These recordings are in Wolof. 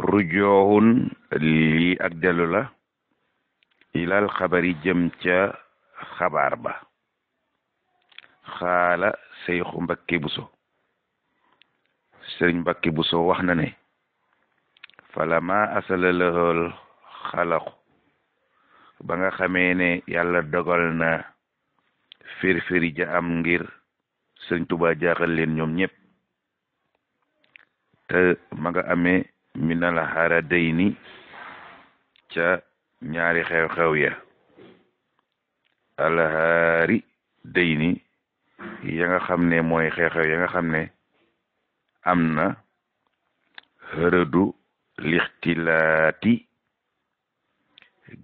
rujoohun lii ak dellu la ilal xabari jëm ca xabaar ba xaala seyxu mbakke buso sëriñ mbakke buso wax na ne falama asala lahol ba nga xamee ne yàlla dogal na firfiri ja ngir sëriñ tuba jaaxal leen ñoom ñëpp te ma nga minal haradayni ca ñaari xew-xew ya alhaari dayni ya nga xam ne mooy xew-xew ya nga xam ne am na xërëdu lixtilaati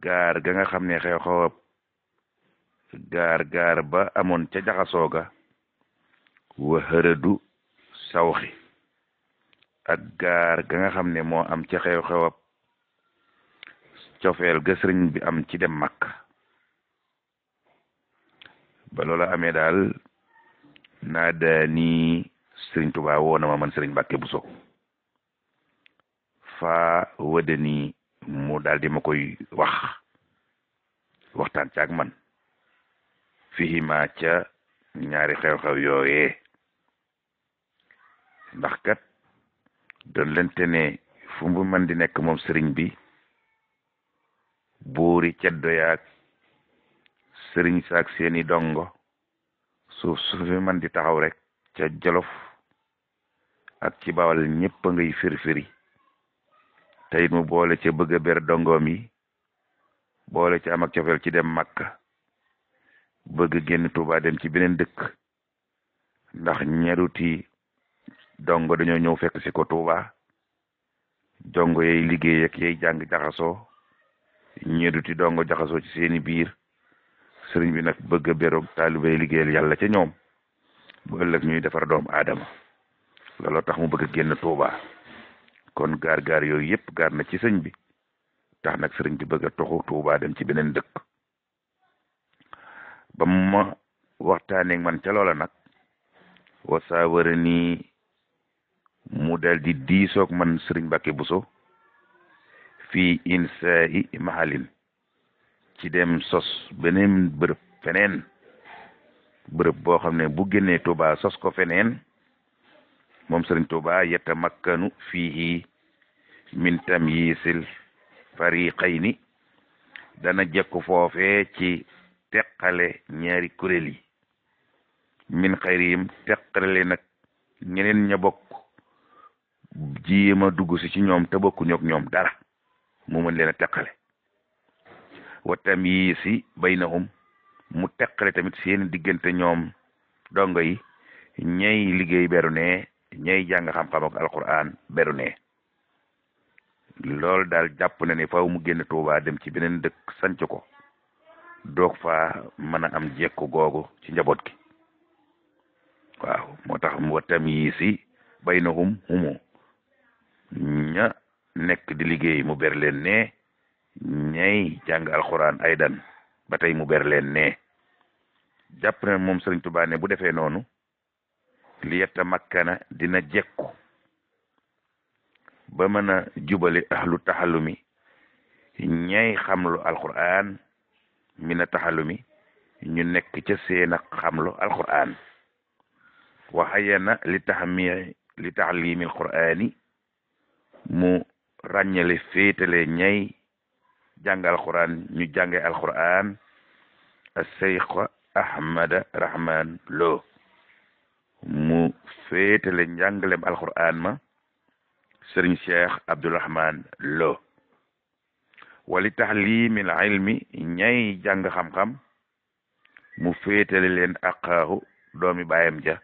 gaar ga nga xam ne xew-xew gaar gaar ba amoon ca jaxasooga wa xërëdu sawxi ak gaar ga nga xam ne moo am ca xew-xewab cofeel ga sëriñ bi am ci dem màkk ba amee daal naa daa nii sëriñ Tuubaa woo na ma man sëriñ Mbàkke Buso faa wëdde mu daal di ma koy wax waxtaan caag man fihima ca ñaari xew-xew yooyee ndax kat dollante ne fu mu mën di nekk moom sëriñ bi buuri ceddo yaag sëriñ saak seeni dongo suuf su fi mën di taxaw rek ca jolof ak ci bawal ñépp a ngay firfiri teyit mu boole ca bëgg a ber yi boole ca am ak cofeel ci dem Makka bëgg génn Tuuba dem ci beneen dëkk ndax ñaruti dongo dañoo ñëw fekk si ko Touba dongo yay liggéey ak yay jàng jaxasoo ñeeduti dongo jaxasoo ci seeni biir sëriñ bi nag bëgg a beroog taaliba yi liggéeyal yàlla ci ñoom bu ëllëg ñuy defar doomu aadama looloo tax mu bëgg a génn Touba kon gaar gaar yooyu yëpp gaar na ci sëñ bi tax nag sëriñ bi bëgg a toxu Touba dem ci beneen dëkk ba mu ma waxtaanee man ca loola nag wasaawara nii mu dal di diisoog man Serigne Mbacke Bousso fii insa i ci dem sos beneen bërëb feneen bërëb boo xam ne bu gënee Touba sos ko feneen moom Serigne Touba yetta makkanu fii min tamyisil fariqayni dana jekku foofe ci teqale ñaari kuréel yi min xayrihim teqale nag ñeneen ña bokk jéem a dugg si ci ñoom te bokkuñu ñoom dara mu mën leen a teqale wa tamyiisi baynahum mu teqale tamit seen diggante ñoom dongo yi ñay liggéey beru ne ñay jàng xam-xam ak alquran beru ne loolu daal jàpp na ne faw mu génn Tuuba dem ci beneen dëkk sanc ko doog fa mën a am jekku googu ci njaboot gi waaw moo tax wa tamyiisi baynahum humu ña nekk di liggéey mu ber leen ne ñay jàng alxuraan ay dan ba tey mu ber leen ne jàpp na moom Sëriñ Tuubaa ne bu defee noonu li yetta makkana dina jekku ba mën a jubale ahlu taxalumi ñay xamlu alxuraan mina taxalumi ñu nekk ca seena xamlu alxuraan waxayana li taxmii li taxlimil quraani mu ràññale féetale ñay jàng alquran ñu jànge a aseykh ahmada rahman loo mu féetale njàngalem alquran ma sëriñ cheikh abdourahman loo wali taxlimil ilmi ñay jàng xam-xam mu féetale leen aqaahu doomi baayam ja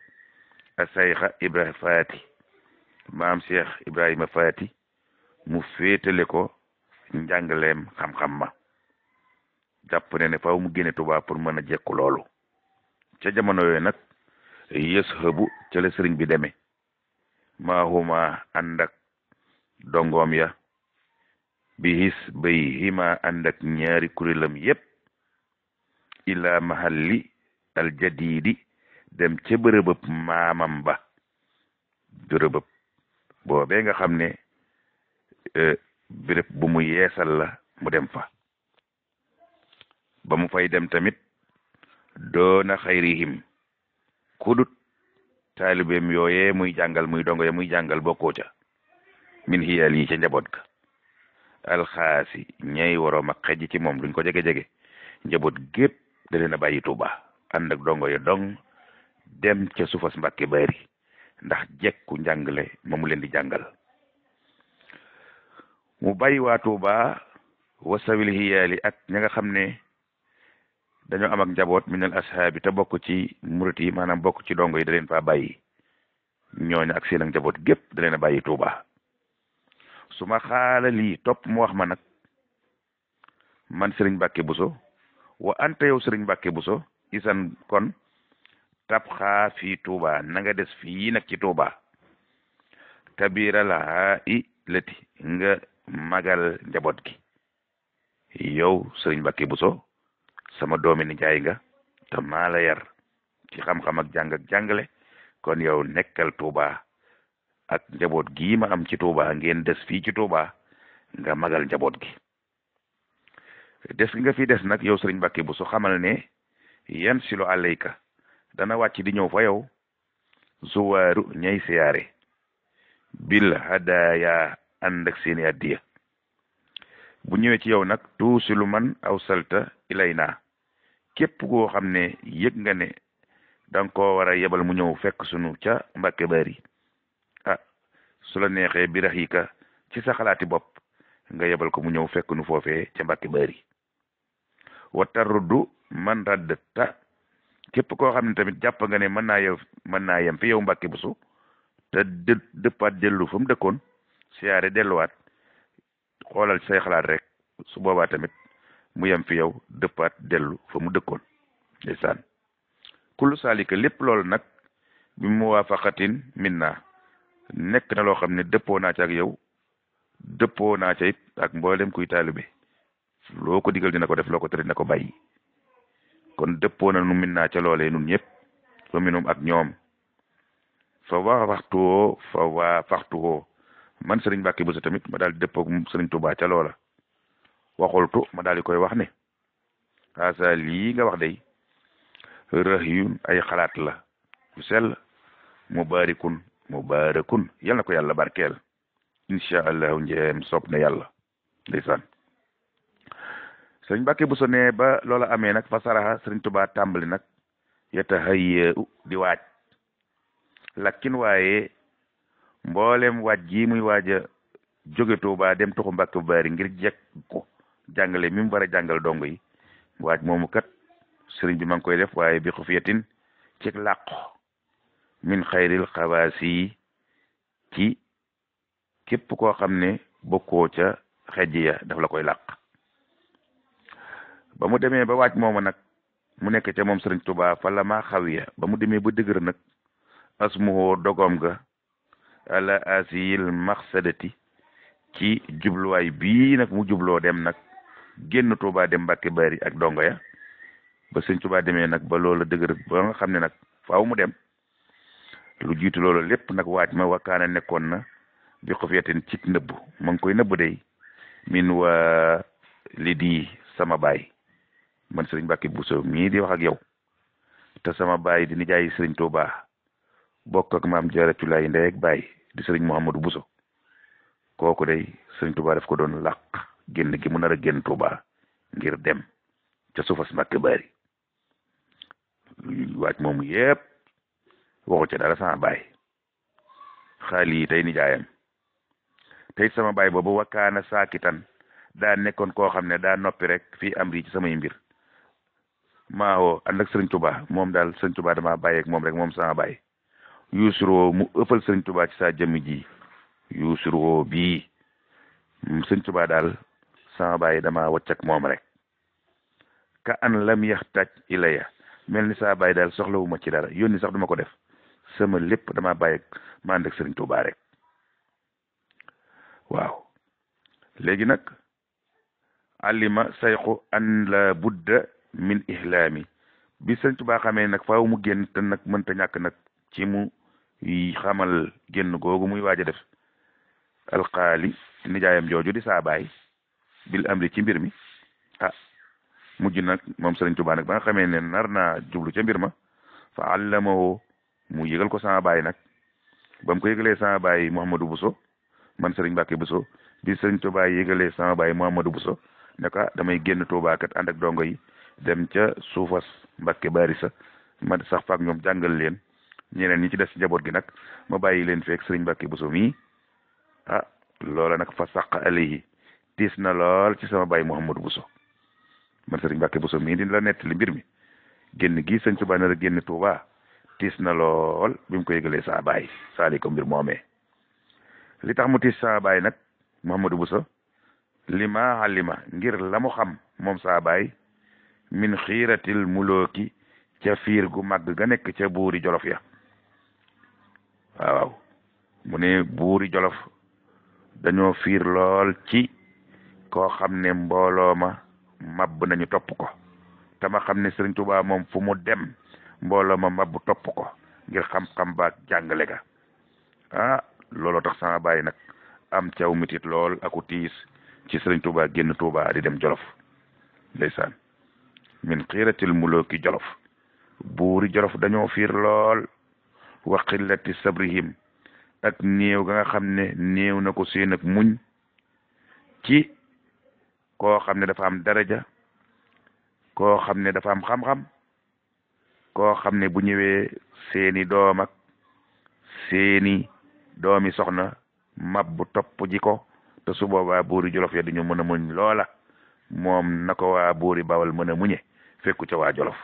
aseykh ibrahim faati maam Cheikh Ibrahima Faati mu féetale ko njàngaleem xam-xam ma jàpp ne ne faaw mu génne Tuubaa pour mën a jekku ca jamono yooyu nag yës xëbu ca sëriñ bi deme maahuma ànd ak ya bi his bay hima ànd ak ñaari kuréelam yépp ila mahalli aljadiidi dem ca bërëbëb maamam ba bërëbëb boobee nga xam ne euh, béréb bu mu yeesal la mu dem fa ba mu fay dem tamit doona xayrihim kudut taalibeem yooyee muy jàngal muy dongo ya muy jàngal bokkoo ca min xiyal yi ca njaboot ga alxaasi ñay waroom ak ci moom duñ ko jege-jege njaboot gépp da leen a bàyyi tuuba ànd ak dongo ya dong dem ca suufas mbàkke bari ndax jekku njàngale ma mu leen di jàngal mu bàyyi waa Tuuba wasawil hiyaali ak ña nga xam ne dañoo am ak njaboot minal ashaabi te bokk ci murit yi maanaam bokk ci dongo yi da leen faa bàyyi ñooñu ak seen njaboot gépp da leen a bàyyi Tuuba su ma xaala lii topp mu wax ma nag man Serigne Mbacke Bousso wa anta yow Serigne Mbacke Bousso isan kon tabxa fii tuuba na nga des fii nag ci tuuba kabiral i lati nga magal njaboot gi yow sëriñ Mbàkke Buso sama doomi nijaay nga te maa la yar ci xam-xam ak jàng ak jàngale kon yow nekkal tuuba ak njaboot gi ma am ci tuuba ngeen des fii ci tuuba nga magal njaboot gi des nga fi des nag yow sëriñ Mbàkke Buso xamal ne yan silo alayka dana wàcc di ñëw fa yow zuwaaru ñay siyaare bil hadaya ànd ak seeni addiya bu ñëwee ci yow nag tuusilu man aw salta ilay naa képp koo xam ne yëg nga ne dan ko war a yebal mu ñëw fekk sunu ca mbàkke bari ah su la neexee bi rax ci sa bopp nga yebal ko mu ñëw fekk nu foofe ca mbàkke bari wa taruddu man raddta képp koo xam ne tamit jàpp nga ne mën naa yow mën naa yem fi yow Mbàkke Buso te dë dëppaat dellu fa mu dëkkoon siyaare delluwaat xoolal say xalaat rek su boobaa tamit mu yem fi yow dëppaat dellu fa mu dëkkoon ndeysaan kullu saalika lépp loolu nag bi mu waafaqatin min naa nekk na loo xam ne dëppoo naa ci ak yow dëppoo naa ca it ak mboolem kuy taalibe loo ko digal dina ko def loo ko tere dina ko bàyyi kon dëppoo nañu min naa ca loolee nun ñëpp fa minum ak ñoom fa waa waxtuwoo fa waa faxtuwoo man sëriñ Mbàkke Buso tamit ma daal di dëppoo sëriñ Tuubaa ca ma daal di koy wax ne xaasa lii nga wax day rëx ay xalaat la yu sell mubaarikun mubarakun yal na barkeel incha allahu njeem soob na yàlla sëriñ Mbàkke bu so nee ba loola amee nag fa saraxa sëriñ Tuubaa tàmbali nag yeta xëy uh, di waaj lakkin waaye mboolem waaj gi muy waaja a jóge dem tuxu Mbàkke bari ngir jekk ko jàngale mi mu war jàngal dong yi waaj moomu kat sëriñ bi koy def waaye bi xufiyatin ci làqu min xayril xabaasi ci képp koo xam ne bokkoo ca xejj ya daf la koy làq ba mu demee ba wàcc mooma nag mu nekk ca moom sëriñ Tuubaa fa la maa xawiya ba mu demee ba dëgër nag asmuhoo dogoom ga ala asiyil maxsadati ci jubluwaay bii nag mu jubloo dem nag génn Tuubaa dem Mbàkke Bari ak dongo ya ba sëriñ Tuubaa demee nag ba loola dëgër ba nga xam ne nag faw mu dem lu jiitu loolu lépp nag waaj ma wakkaana nekkoon na bi xufiyatin cig nëbbu ma ngi koy nëbbu day min waa li di sama baay man sëriñ Mbàkke Bousso mii di wax ak yow te sama baay di nijaay sëriñ Touba bokk ak maam Jaaratulaay ndey ak baay di sëriñ Mouhamadou Bousso kooku day sëriñ Touba daf ko doon làq génn gi mu nar a génn Touba ngir dem ca suufas Mbàkke Bari waaj moomu yépp waxu ca dara sama baay xaali yi tey nijaayam tey sama baay boobu wakkaana saakitan daa nekkoon koo xam ne daa noppi rek fii am ri ci samay mbir maa woo ànd sëriñ Touba moom daal sëriñ Touba damaa bàyyeeg moom rek moom sama bàyyi yuusur mu ëppal sëriñ Touba ci saa jëmm ji yuusur bi bii mm, sëriñ Touba daal sama bàyyi damaa wàcc moom rek ka an lam yaxtaaj ilaya mel ni saa bàyyi daal soxlawu ma ci dara yónni sax duma ko def sama lépp damaa bàyyeeg ma ànd sëriñ Touba rek waaw léegi nag alima sayxu an la budda min ihlaami bi sëñ Tuubaa xamee nag faaw mu génn te nag mënta ñàkk nag ci mu xamal génn googu muy waaj a def alqaali nijaayam jooju di saabaay bil amri ci mbir mi ah mujj nag moom sëriñ Tuubaa nag ba xamee ne nar naa jublu ca mbir ma fa allamahu mu yëgal ko sama baay nag ba mu ko yëgalee bu baay Mouhamadou Bousso man sëriñ Mbàkke Bousso bi sëriñ Tuubaa yëgalee sama baay Mouhamadou Bousso ne ah, damay génn Tuubaa kat dongo yi dem ca suufas Mbàkke bari sa ma sax faak ñoom jàngal leen ñeneen ñi ci des ci njaboot gi nag ma bàyyi leen feek sëriñ Mbàkke boso mii ah loola nag fa sàq alayhi tiis na lool ci sama bàyyi Mouhamadou Buso man sëriñ Mbàkke Buso mii di la nettali mbir mi génn gi sëñ Tuubaa nar a génn Tuubaa tiis na lool bi mu ko yëgalee saa baay saali ko mbir moomee li tax mu tiis saa baay nag Mouhamadou Buso lima alima ngir la mu xam moom saa baay min xiiratil mulooki ca fiir gu mag ga nekk ca buuri jolof ya waaw mu ne buuri jolof dañoo fiir lool ci koo xam ne mbooloo ma mabb nañu topp ko tama xam ne Sëriñ Tuubaa moom fu mu dem mbooloo ma mabb topp ko ngir xam-xam ba jàngale ga ah loolo tax sama bàyyi nag am caw mitit lool aku tiis ci Sëriñ Tuubaa génn Tuubaa di dem Jolof ndeysaan min xiiratil muluki jolof buuri jolof dañoo fiir lool wa xillati sabrihim ak néew ga nga xam ne néew na ko seen muñ ci koo xam ne dafa am daraja koo xam ne dafa am xam-xam koo xam ne bu ñëwee seeni doom ak seeni doomi soxna mab bu topp ji ko te su boobaa buuri jolof ya duñu mën a muñ loola moom na ko waa buuri bawal mën a muñe fekku ca waa jolof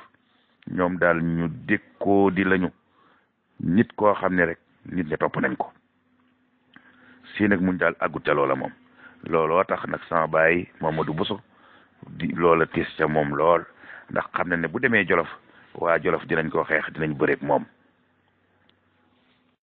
ñoom daal ñu ko di lañu nit koo xam ne rek nit ña topp nañ ko si nag muñ daal àggut ca loola moom looloo tax nag sama baay Mamadou Bousso di loola tiis ca moom lool ndax xam na ne bu demee jolof waa jolof dinañ koo xeex dinañ bëreeg moom